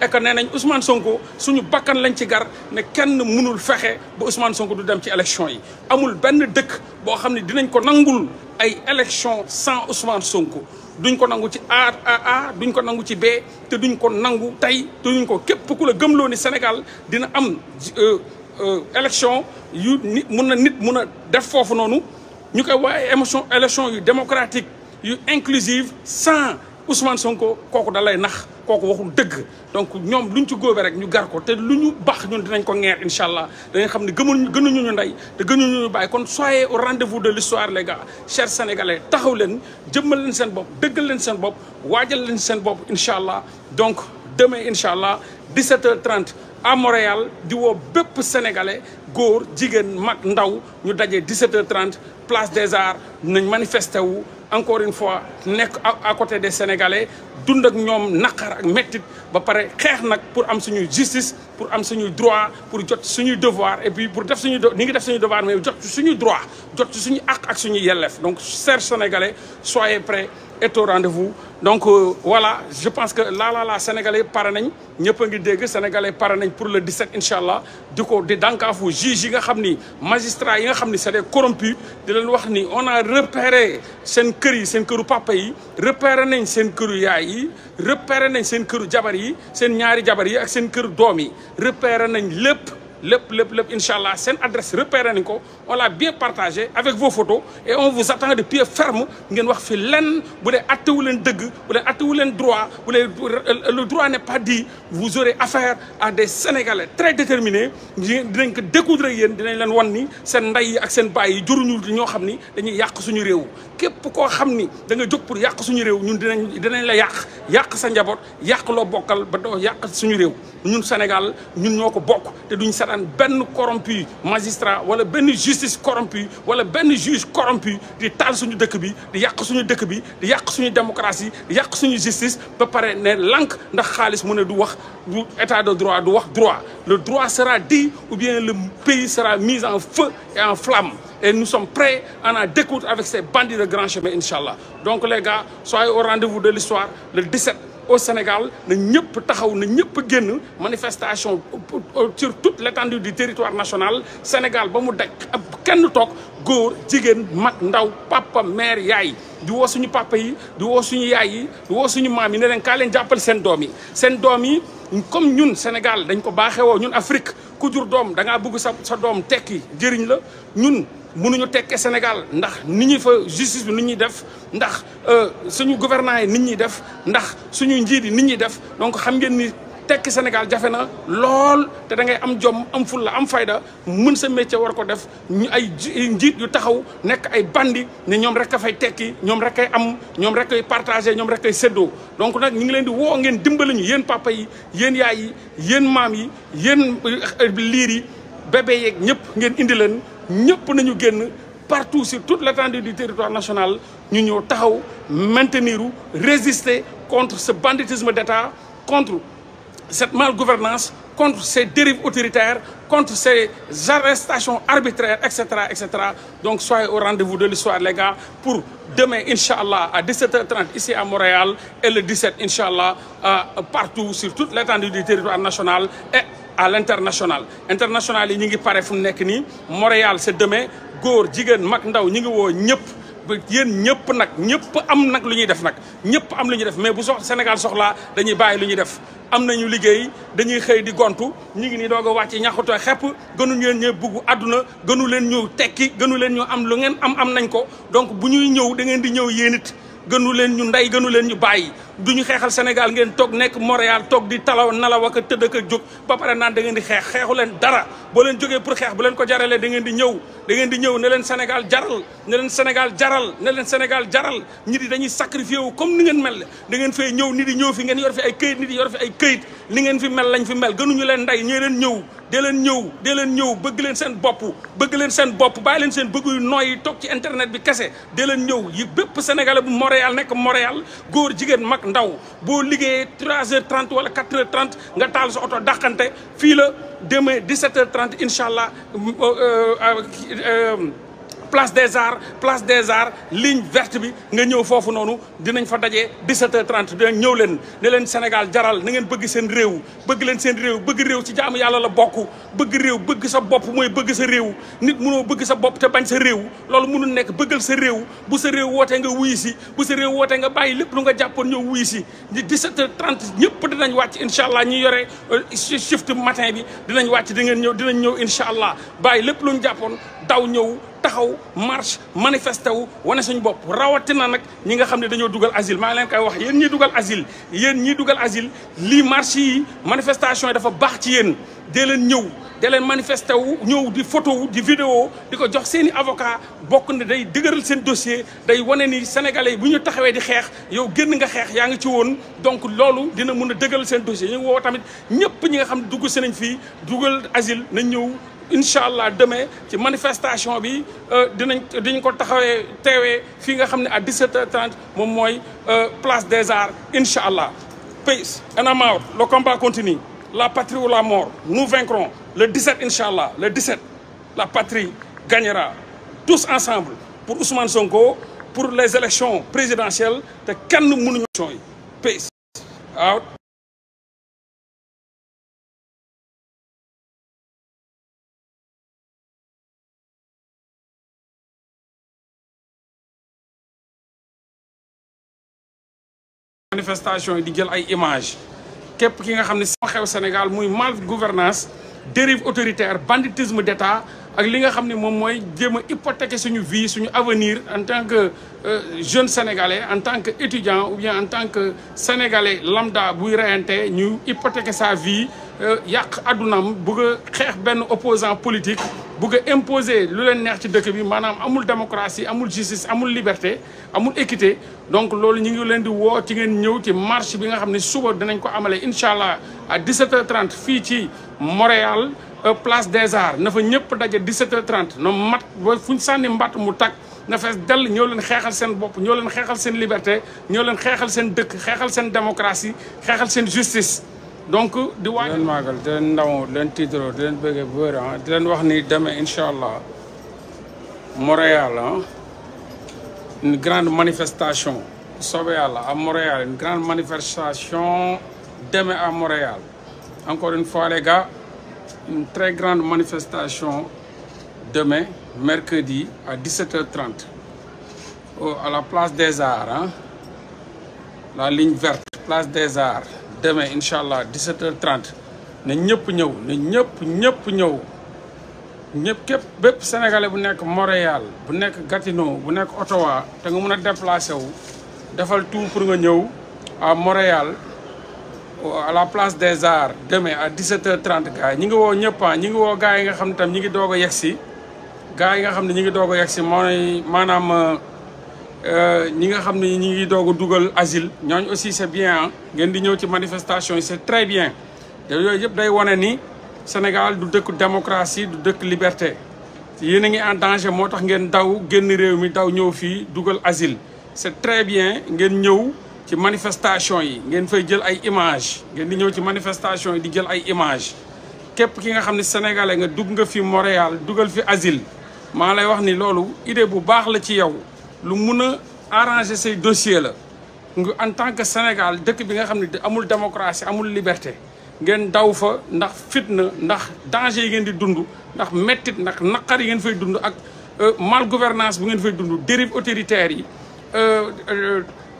et que nee nañ Ousmane Sonko suñu bakkan lañ ci gar ne kenn mënul fexe ba Ousmane Sonko du dem ci élection yi amul benn dëkk boo xam ne dinañ ko nangul ay élection sans Ousmane Sonko duñ ko nangu ci A A duñ ko nangu ci B te duñ ko nangu tey te duñ ko képp ku la gëmloo ni Sénégal dina am euh, euh, élection yu nit mun na nit mun a def foofu noonu ñu koy waaye émotion élection yu démocratique yu inclusive sans Ousmane Sonko kooku da lay nax kooku waxul dëgg donc ñoom lu ñu ci góobee rek ñu gar ko te lu ñu baax ñun dinañ ko ngeer incha allah danañ xam ne gëmuñu gënuñu ñu ndey te gënuñu ñu bàyyi kon soyez au rendez de l'histoire les gars chers sénégalais taxaw leen jëmmal leen seen bopp dëggal leen seen bopp waajal leen seen bopp incha allah donc demain incha allah 17h30 à Montréal di woo bépp sénégalais góor jigéen mag ndaw ñu daje 17h30 place des arts nañ manifester encore une fois nekk à côté des sénégalais dund ak ñoom naqar ak mettit ba pare xeex nag pour am suñuy justice pour am suñuy droit pour jot suñuy devoir et puis pour def suñuy ni ngi def suñuy devoir mais jot suñuy droit jot suñu àq ak suñuy yelleef donc chers sénégalais soyez prêts et au rendez-vous donc euh, voilà je pense que là là là sénégalais pare nañ ñëpp a ngi dégg sénégalais pare nañ pour le 17 incha allah di ko di dànkaafu juge yi nga xam ni magistrat yi nga xam ni sa des corrompus di leen wax ni on a repéré seen kër yi seen këru papa yi repéré nañ seen këru yaay yi repéré nañ seen kër jabar yi seen ñaari jabar yi ak seen kër doom yi repéré nañ lépp lépp lépp lépp incha allah seen adresse repéré nañ ko on l'a bien partagé avec vos photos et on vous attend de pied ferme ngeen wax fi lenn bu dee attewu leen dëgg bu dee attewu leen droit bu dee le droit n'est pas dit vous aurez affaire à des sénégalais très déterminés dinañ ko découdre ak yéen dinañ leen won ni seen ndey ak seen baay yi juruñu ñoo xam ni dañuy yàq suñu réew képp koo xam ni da nga jóg pour yàq suñu réew ñun dinañ dinañ la yàq yàq sa njaboot yàq loo bokkal ba doo yàq suñu réew ñun Sénégal ñun ñoo ko bokk te duñ seetaan benn corrompu magistrat wala benn justice corrompu wala benn juge corrompu di taal suñu dëkk bi di yàq suñu dëkk bi di yàq suñu démocratie di yàq suñu justice ba pare ne lànk ndax xaalis mu ne du wax du état de droit du wax droit le droit sera dit ou bien le pays sera mis en feu et en flamme et nous sommes prêts à en découdre avec ces bandits de grand chemin incha allah donc les gars soyez au rendez-vous de l'histoire le 17 au Sénégal na ñëpp taxaw na ñëpp génn manifestation euh, sur toute l'étendue du territoire national Sénégal ba mu daj ab kenn toog góor jigéen mag ndaw papa maire yaay di woo suñu papa yi di woo suñu yaay yi di woo suñu maam yi ne leen kaa leen jàppale seen doom yi seen doom yi comme ñun Sénégal dañ ko baaxee ñun Afrique ku jur doom da ngaa bëgg sa sa doom tekki jëriñ la ñun mënuñu tekkee Sénégal ndax ni ñuy fa justice bi ni ñuy def ndax euh, suñu gouvernement yi nit ñuy def ndax suñu njiit yi nit ñuy def donc xam ngeen ni tekki Sénégal jafe na lool te da ngay am jom am fulla am fayda mën sa métier war ko def ñu ay njiit yu taxaw nekk ay bandi ne ñoom rek a fay tekki ñoom rek ay am ñoom rek ay partagé ñoom rek ay séddoo donc nag ñu ngi leen di woo ngeen dimbali ñu yéen papa yi yéen yaay yi yéen maam yi yéen euh, liir yi bébé yeeg ñëpp ngeen indi leen ñëpp nañu génn partout sur toute l'étendue du territoire national ñu ñëw taxaw maintenir ou résister contre ce banditisme d'État contre cette malgouvernance contre ces dérives autoritaires contre ces arrestations arbitraires etc etc donc soyez au rendez-vous de l'histoire les gars pour demain inchallah à 17h30 ici à Montréal et le 17 inchallah euh, partout sur toute l'étendue du territoire national à l'international international yi ñu ngi pare fu nekk nii Montréal c'est demain góor jigéen mag ndaw ñu ngi woo ñëpp yéen ñëpp nag ñëpp am nag lu ñuy def nag ñëpp am lu ñuy def mais bu sox Sénégal soxlaa dañuy bàyyi lu ñuy def am nañu liggéey dañuy xëy di gontu ñu ngi nii doog a wàcc ñaxutoo xepp gënu leen ñu buggu àdduna gënu leen ñu tekki gënu leen ñu am lu ngeen am am nañ ko donc bu ñuy ñëw da ngeen di ñëw yéen it gënu leen ñu ndey gënu leen ñu bàyyi du ñu xeexal Sénégal ngeen toog nekk Montréal toog di talaw nalaw ak tëdd ak jóg ba pare naan da ngeen di xeex xeexu leen dara boo leen jógee pour xeex bu leen ko jaralee da ngeen di ñëw da ngeen di ñëw ne leen Sénégal jaral ne leen Sénégal jaral ne leen Sénégal jaral ñi di dañuy sacrifié wu comme ni ngeen mel da ngeen fay ñëw nit di ñëw fi ngeen yor fi ay këyit nit di yor fi ay këyit li ngeen fi mel lañ fi mel gënuñu leen nday ñee leen ñëw dee leen ñëw dee leen ñëw bëgg leen bopp bëgg leen bopp bàyyi leen seen bëgg yu nooy toog ci internet bi kese dee leen ñëw yi bépp sénégalais bu nekk Montréal góor jigéen mag ndaw boo liggéeyee 3h30 wala 4 nga taal sa oto dàqante fii la demee 17h30 incha allah. Euh, euh, euh, place des arts place des arts ligne verte bi nga ñëw foofu noonu dinañ fa dajee 17h30 dinañ ñëw leen ne leen Sénégal jaral ni ngeen bëgg seen réew bëgg leen seen réew bëgg réew si jaamu yàlla la bokk bëgg réew bëgg sa bopp mooy bëgg sa réew nit mënoo bëgg sa bopp te bañ sa réew loolu mënul nekk bëggal sa réew bu sa réew wootee nga wuyu si bu sa réew wootee nga bàyyi lépp lu nga jàppoon ñëw wuyu si 17h30 ñëpp dinañ wàcc incha allah ñi yore euh, shift matin bi dinañ wàcc di ngeen ñëw dinañ ñëw incha allah bàyyi lépp lu ñu jàppoon daw ñëw taxaw marche manifesté wu wane suñu bopp rawatina nag ñi nga xam ne dañoo dugal asile maa ngi leen koy wax yéen ñi dugal asile yéen ñi dugal asile lii marche yi manifestation yi dafa baax ci yéen dee leen ñëw de leen manifesté wu ñëw di photo di vidéo di ko jox seen i avocat bokk na day dëgëral seen dossier day wane ni sénégalais yi bu ñu taxawee di xeex yow génn nga xeex yaa ngi ci woon donc loolu dina mun a dëgëral seen dossier ñu ngi woo tamit ñëpp ñi nga xam ne dugg si nañ fii dugal asile nañ ñëw incha allah demain ci manifestation bi euh, dinañ dañ ko taxawee teewee fii nga xam ne à 17h30 moom mooy euh, place des arts incha allah. Peace and I'm out. Le combat continue. La patrie ou la mort. Nous vaincrons. Le 17, Inch'Allah. Le 17, la patrie gagnera. Tous ensemble. Pour Ousmane Sonko, pour les élections présidentielles de Kanou Peace out. manifestation yi di jël ay image képp ki nga xam ne sama xew Sénégal muy mal gouvernance dérive autoritaire banditisme d'État ak li nga xam ne moom mooy jéem a hypothéquer suñu vie suñu avenir en tant que euh, jeune sénégalais en tant que étudiant ou bien en tant que sénégalais lambda buy reyante ñu hypothéquer sa vie euh, yàq adunam bëgg xeex benn opposant politique bugg a lu leen neex ci dëkk bi maanaam amul démocratie amul justice amul liberté amul équité donc loolu ñu ngi leen di woo ci ngeen ñëw ci marche bi nga xam ne suba dinañ ko amale incha allah à 17h30 fii ci Montréal euh, place des nafa na fa ñëpp daje 17 h no na mat fu ñu sànni mbat mu takk na fees dell ñëw leen xeexal seen bopp ñoo leen xeexal seen liberté ñoo leen xeexal seen dëkk xeexal seen démocratie xeexal seen justice. donc di waaj leen màggal di leen ndamoo di leen tiitaroo di leen ah. di leen wax ni demee incha allah Montréal ah, une grande manifestation soobee yàlla à Montréal une grande manifestation demee à Montréal encore une fois les une très grande manifestation demain mercredi à 17h30 à la place des Arts ah la ligne verte place des Arts demain incha allah 17h30 ne ñëpp ñëw na ñëpp ñëpp ñëw ñëpp képp bépp sénégalais bu nekk Montréal bu nekk Gatineau bu nekk Ottawa te nga mun a déplacé wu defal tout pour nga ñëw à Montréal à la place des arts demain à 17h30 gars ñi ngi woo ñëpp ah, ñi ngi woo gars yi nga xam tam ñi ngi doog a yegg si gars yi nga xam ne ñi ngi doog a yegg si mooy maanaam euh, Euh, ñi nga xam ne ñi ngi doog a dugal asile ñooñ aussi c'est bien ngeen di ñëw ci manifestation yi c'est très bien te yooyu yëpp day wane ni Sénégal du dëkk démocratie du dëkk liberté yéen a ngi en danger moo tax ngeen daw génn réew mi daw ñëw fii dugal asile c'est très bien ngeen ñëw ci manifestation yi ngeen fay jël ay image ngeen di ñëw ci manifestation yi di jël ay image képp ki nga xam ne sénégalais nga dugg nga fi Montréal dugal fi asile maa lay wax ni loolu idée bu baax la ci yow lu mun a arranger say dossier la nga en tant que Sénégal dëkk bi nga xam ne amul démocratie amul liberté ngeen daw fa ndax fitna ndax danger yi ngeen di dund ndax mettit ndax naqar yi ngeen fay dund ak euh, mal gouvernance bu ngeen fay dund dérive autoritaire yi euh,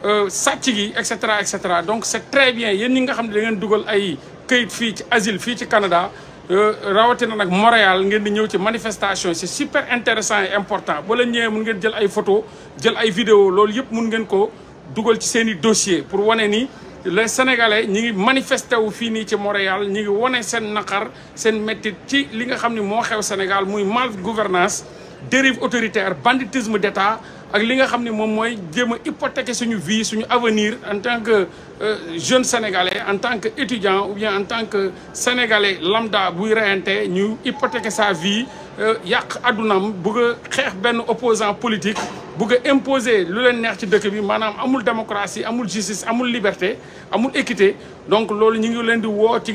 euh, sàcc gi et cetera et cetera donc c'est très bien yéen ñi nga xam ne dangeen dugal ay këyit fii ci asile fii ci Canada Euh, rawatina nag Montréal ngeen di ñëw ci manifestation ci super intéressant et important boo leen ñëwee mun ngeen jël ay photo jël ay vidéo loolu yëpp mun ngeen ko dugal ci seen i dossier pour wane ni les sénégalais ñi ngi manifesté wu fii nii ci Montréal ñi ngi wane seen naqar seen méttit ci li nga xam ni moo xew Sénégal muy mal gouvernance dérive autoritaire banditisme d'État ak li nga xam ne moom mooy jéem a suñu vie suñu avenir en tant que euh, jeune sénégalais en tant que étudiant ou bien en tant que sénégalais lambda buy reyante ñu hypothéquer sa vie euh, yàq adunam bëgg xeex benn opposant politique bëgg a imposer lu leen neex ci dëkk bi maanaam amul démocratie amul justice amul liberté amul équité donc loolu ñu ngi leen di woo ci